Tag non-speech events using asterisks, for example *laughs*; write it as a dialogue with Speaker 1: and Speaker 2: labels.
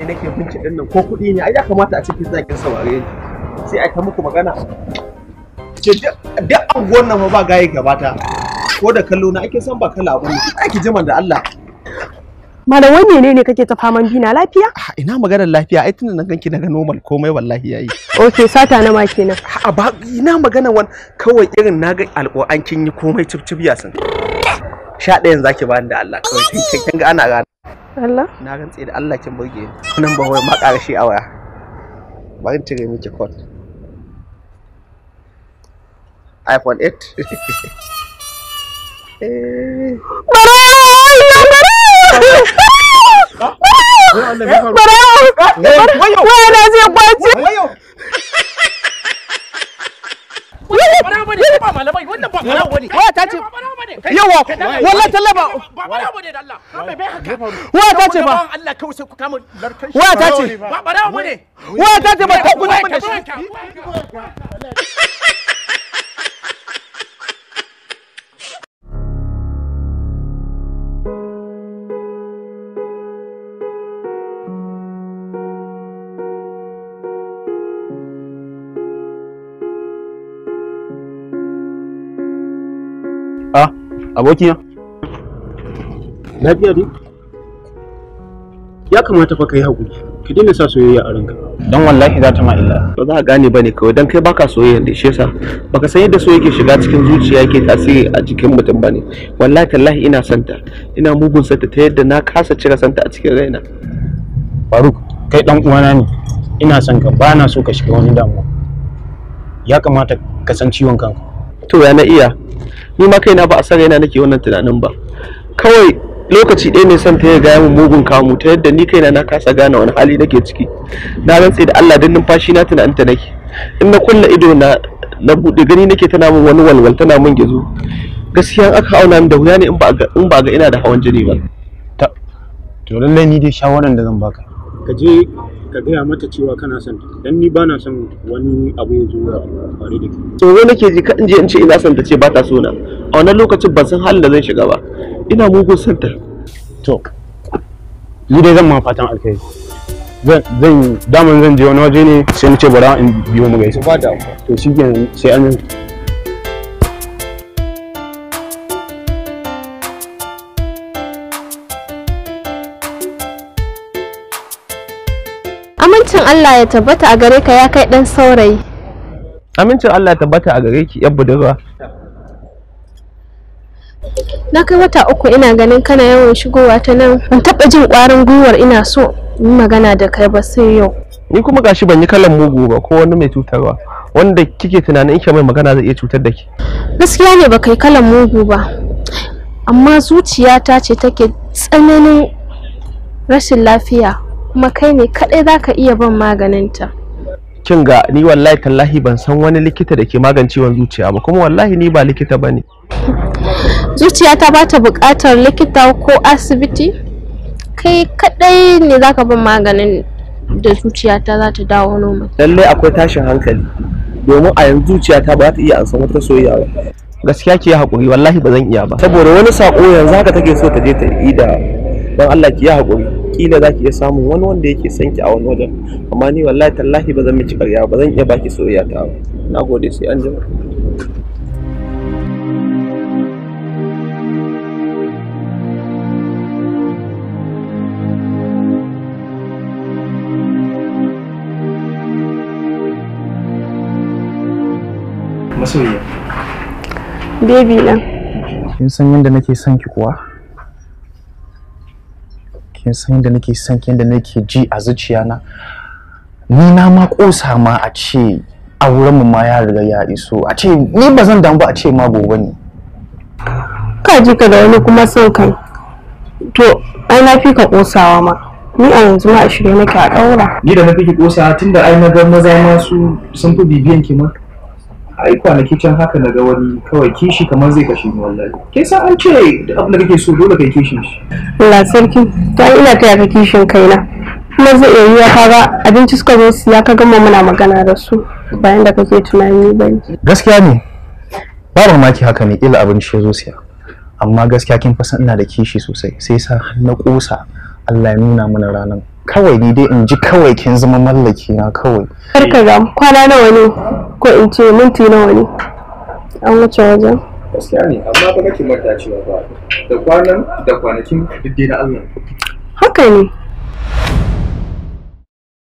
Speaker 1: ne nake binci din nan ko kuɗi ne ai ya kamata a cikin zakin saurare sai a ta muku magana ke duk anguwan nan ba gaye gabata ko da kallo na ake san ba kala abu ne ake jiman da Allah malam wani ne ne kake ta faman bina lafiya ah, ina maganar lafiya ai tunda na ganki na ga normal komai wallahi yayi okay sata na ma kenan a ah, ba ina maganar wani? kawai irin naga alƙur'an kin yi komai cip cip ya san sha ɗayan zaki bani da Allah kawai kin ga ana gane Allah na tsaye da Allah kin burge nan ba wai ma shi a waya ba kin tire miki code iPhone 8 Wana yawa wallahi talla ba ba bane da Allah ba bai haka waya ta ce ba Allah kawai sai ku kama larkan waya ta ce ba barawo bane waya ta ce ba ta kuna mana shi Ah. ya lafiya dai ya kamata fa kai hakuri ki daina sa soyayya a ranka dan wallahi za ta ma illa ba za ka gane bane kawai dan kai baka soyayya da shi yasa baka san yadda so yake shiga cikin zuciya yake tasiri a jikin mutum bane wallahi tallahi ina santa ina mugun santa ta yadda na kasa cire santa a cikin raina Faruk kai dan uwana ne ina son ka ba na so ka shiga wani damuwa ya kamata ka san ciwon kanka to ya na iya ni ma kaina ba a sa raina nake wannan tunanin ba kawai lokaci ɗaya ne son ta ya gaya min mugun kamu ta yadda ni kaina na kasa gane wani hali nake ciki na rantse da Allah dan numfashi na ta nake in na kulla ido na na bude gani nake tana min wani walwal tana min gizo gaskiya aka auna min da wuya ne in ba ga in ba ga ina da hawan jini ba to lallai ni dai shawaran da zan baka ka ka gaya mata cewa kana son ta dan ni bana son wani abu ya zo tare da ke wani ke ji ka je in ce ina son ta ce ba ta so na a wannan lokacin ban san halin da zan shiga ba ina mugun son ta to ni dai zan ma fatan alkai zan zan daman zan je wani waje ne sai ce bara in biyo mu gaisa ba da to sai an Amincin Allah ya tabbata a gare ka ya kai ɗan saurayi. Amincin Allah ya tabbata a gare ki yan budurwa. Na kai wata uku ina ganin kana yawan shigowa ta nan ban taɓa jin ƙwarin gwiwar ina so yi magana da kai ba sai yau. Ni kuma gashi ban yi kalan mugu ba ko wani mai cutarwa wanda kike tunanin in mai magana zai iya cutar da ke. Gaskiya ne ba kai kalan mugu ba amma zuciyata ce take tsananin rashin lafiya kuma kai ne kaɗai za ka iya bin maganinta kin ga ni wallahi tallahi ban san wani likita da ke magancewan zuciya ba kuma wallahi ni ba likita ba ne *laughs* zuciya ta ba ta buƙatar likita ko asibiti kai kaɗai ne za ka bin maganin da zuciya ta za ta dawo noma lallai akwai tashin hankali domin a yanzu zuciya ta ba ta iya ansa wata soyayya ba gaskiya ke haƙuri wallahi ba zan iya ba saboda wani saƙo yanzu haka take so ta je ta yi da ban Allah ki yi haƙuri kila za ki iya samun wani wanda yake son a wani wajen amma ni wallahi tallahi ba zan miki ƙarya ba zan iya baki soyayya ta ba na gode sai an jima masoyiya baby na kin san yadda nake son ki kuwa kin san yadda nake son kin da nake ji a zuciya na ni na ma kosa ma a ce auren mu ma ya riga ya iso a ce ni ba zan damu ba a ce ma gobe ne ka ji ka da wani kuma son kai to ai na fi ka kosawa ma ni a yanzu ma a shirye nake a daura ni da na fi ki kosa tunda ai na ga maza ma su sun fi bibiyan ki ma ai kwanaki can haka na ga wani kawai kishi kamar zai kashe ni wallahi ke sa an ce da abin da kake so dole kai kishin shi Allah sarki ta ina taya ka kishin kaina kuma zai iya yiwa ka ga abinci suka zo siya ka gama muna magana da su bayan da kake tunani ne. gaskiya ne ba mamaki haka ne illa abinci ya zo siya amma gaskiya kin fasa ina da kishi sosai sai sa na kosa Allah ya nuna mana ranan. kawai ni dai in ji kawai kin zama mallaki na kawai kar ka ga kwana nawa ne ko in ce minti nawa ne an wuce wajen gaskiya ne amma ba kake manta cewa ba da kwanan da kwanakin duk dai na Allah haka ne